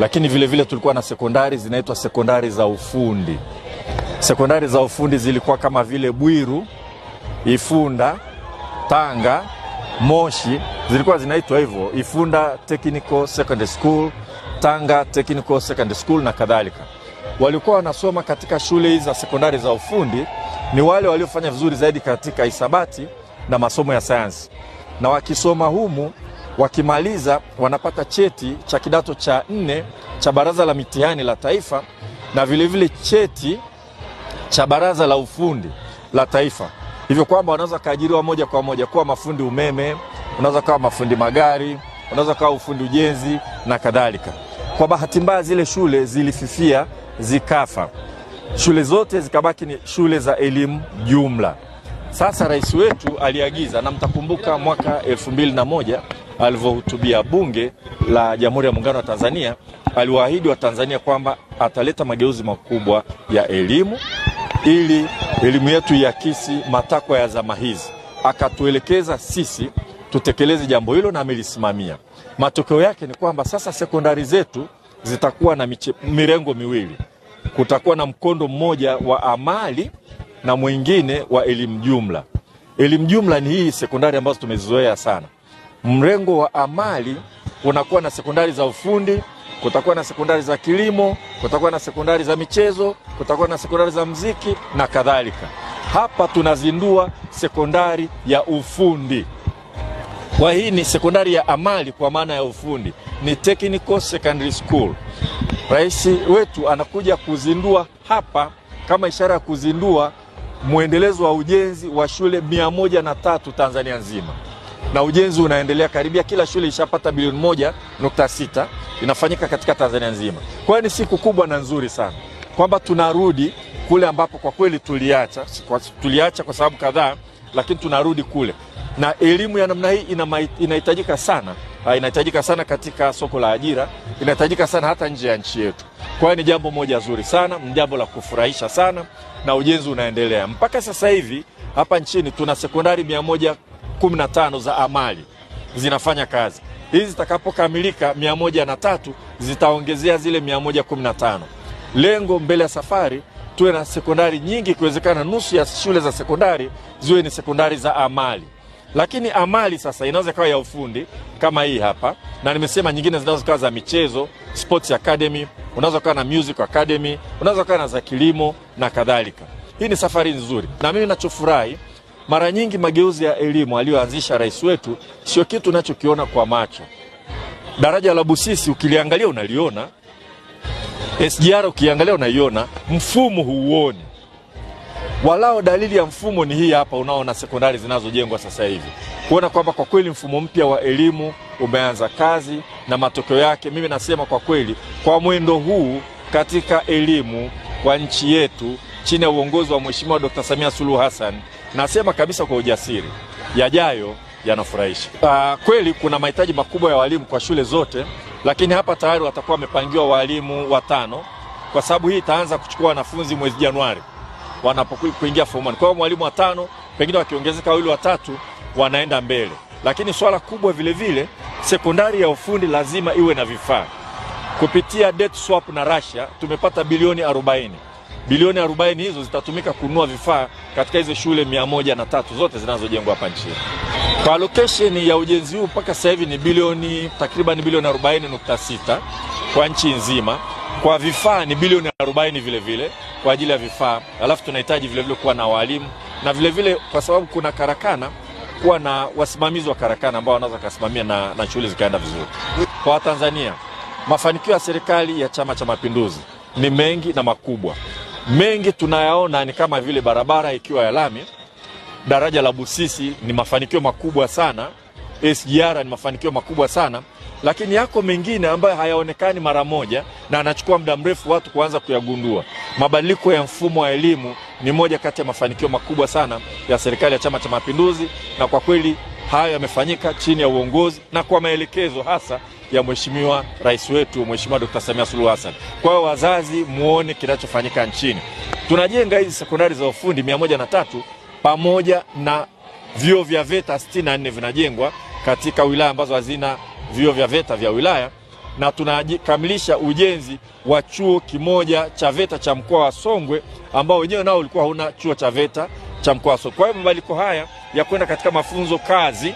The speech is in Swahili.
lakini vilevile vile tulikuwa na sekondari zinaitwa sekondari za ufundi. Sekondari za ufundi zilikuwa kama vile Bwiru, Ifunda, Tanga, Moshi, zilikuwa zinaitwa hivyo, Ifunda Technical Secondary School, Tanga Technical Secondary School na kadhalika. Walikuwa wanasoma katika shule hizi za sekondari za ufundi ni wale waliofanya vizuri zaidi katika hisabati na masomo ya sayansi, na wakisoma humu wakimaliza wanapata cheti cha kidato cha nne cha Baraza la Mitihani la Taifa na vilevile vile cheti cha Baraza la Ufundi la Taifa, hivyo kwamba wanaweza kaajiriwa moja kwa moja kuwa mafundi umeme, unaweza kawa mafundi magari, unaweza kawa ufundi ujenzi na kadhalika. Kwa bahati mbaya, zile shule zilififia zikafa, shule zote zikabaki ni shule za elimu jumla. Sasa rais wetu aliagiza, na mtakumbuka mwaka elfu mbili na moja alivyohutubia bunge la Jamhuri ya Muungano wa Tanzania, aliwaahidi Watanzania kwamba ataleta mageuzi makubwa ya elimu ili elimu yetu iakisi matakwa ya zama hizi. Akatuelekeza sisi tutekeleze jambo hilo na amelisimamia. Matokeo yake ni kwamba sasa sekondari zetu zitakuwa na miche, mirengo miwili. Kutakuwa na mkondo mmoja wa amali na mwingine wa elimu jumla. Elimu jumla ni hii sekondari ambazo tumezizoea sana mrengo wa amali unakuwa na sekondari za ufundi, kutakuwa na sekondari za kilimo, kutakuwa na sekondari za michezo, kutakuwa na sekondari za mziki na kadhalika. Hapa tunazindua sekondari ya ufundi. Kwa hii ni sekondari ya amali kwa maana ya ufundi, ni technical secondary school. Rais wetu anakuja kuzindua hapa kama ishara ya kuzindua mwendelezo wa ujenzi wa shule mia moja na tatu Tanzania nzima na ujenzi unaendelea, karibia kila shule ishapata bilioni moja nukta sita inafanyika katika Tanzania nzima. Kwa hiyo ni siku kubwa na nzuri sana kwamba tunarudi kule ambapo kwa kweli tuliacha, kwa, tuliacha kwa sababu kadhaa, lakini tunarudi kule, na elimu ya namna hii inahitajika sana, ha, ah, inahitajika sana katika soko la ajira, inahitajika sana hata nje ya nchi yetu. Kwa hiyo ni jambo moja zuri sana, ni jambo la kufurahisha sana, na ujenzi unaendelea mpaka sasa hivi hapa nchini tuna sekondari mia moja kumi na tano za amali zinafanya kazi hizi. Zitakapokamilika mia moja na tatu zitaongezea zile mia moja kumi na tano. Lengo mbele ya safari tuwe na sekondari nyingi, ikiwezekana nusu ya shule za sekondari ziwe ni sekondari za amali. Lakini amali sasa inaweza ikawa ya ufundi kama hii hapa, na nimesema nyingine zinaweza kawa za michezo, sports academy, unaweza kawa na music academy, unaweza kawa na za kilimo na kadhalika. Hii ni safari nzuri, na mimi ninachofurahi mara nyingi mageuzi ya elimu aliyoanzisha rais wetu sio kitu unachokiona kwa macho. Daraja la Busisi ukiliangalia unaliona, SGR ukiangalia unaiona, mfumo huuoni. Walao dalili ya mfumo ni hii hapa, unaona sekondari zinazojengwa sasa hivi, kuona kwamba kwa kweli mfumo mpya wa elimu umeanza kazi na matokeo yake, mimi nasema kwa kweli, kwa mwendo huu katika elimu kwa nchi yetu chini ya uongozi wa Mheshimiwa Dr. Samia Suluhu Hassan Nasema kabisa kwa ujasiri, yajayo yanafurahisha. Uh, kweli kuna mahitaji makubwa ya walimu kwa shule zote, lakini hapa tayari watakuwa wamepangiwa walimu watano, kwa sababu hii itaanza kuchukua wanafunzi mwezi Januari wanapokuingia form one. Kwa hiyo mwalimu watano, pengine wakiongezeka wawili watatu, wanaenda mbele. Lakini swala kubwa vilevile vile, sekondari ya ufundi lazima iwe na vifaa. Kupitia debt swap na Russia tumepata bilioni 40 bilioni 40 hizo zitatumika kununua vifaa katika hizo shule mia moja na tatu zote zinazojengwa hapa nchini. Kwa allocation ya ujenzi huu mpaka sasa hivi ni bilioni takriban bilioni 40.6 kwa nchi nzima. Kwa vifaa ni bilioni 40 vile vile kwa ajili ya vifaa, alafu tunahitaji vile vile kuwa na walimu na vile vile kwa sababu kuna karakana kuwa na wasimamizi wa karakana ambao wanaweza kusimamia na, na shughuli zikaenda vizuri. Kwa Watanzania, mafanikio ya serikali ya Chama cha Mapinduzi ni mengi na makubwa mengi tunayaona ni kama vile barabara ikiwa ya lami, daraja la Busisi ni mafanikio makubwa sana, SGR ni mafanikio makubwa sana, lakini yako mengine ambayo hayaonekani mara moja na anachukua muda mrefu watu kuanza kuyagundua. Mabadiliko ya mfumo wa elimu ni moja kati ya mafanikio makubwa sana ya serikali ya Chama cha Mapinduzi, na kwa kweli hayo yamefanyika chini ya uongozi na kwa maelekezo hasa ya mheshimiwa rais wetu mheshimiwa Dr. Samia Suluhu Hassan. Kwa hiyo wazazi, muone kinachofanyika nchini. Tunajenga hizi sekondari za ufundi mia moja na tatu pamoja na vyuo vya VETA sitini na nne vinajengwa katika wilaya ambazo hazina vyuo vya VETA vya wilaya, na tunakamilisha ujenzi wa chuo kimoja cha VETA cha mkoa wa Songwe ambao wenyewe nao ulikuwa hauna chuo cha VETA cha mkoa wa Songwe. Kwa hiyo mabadiliko haya ya kwenda katika mafunzo kazi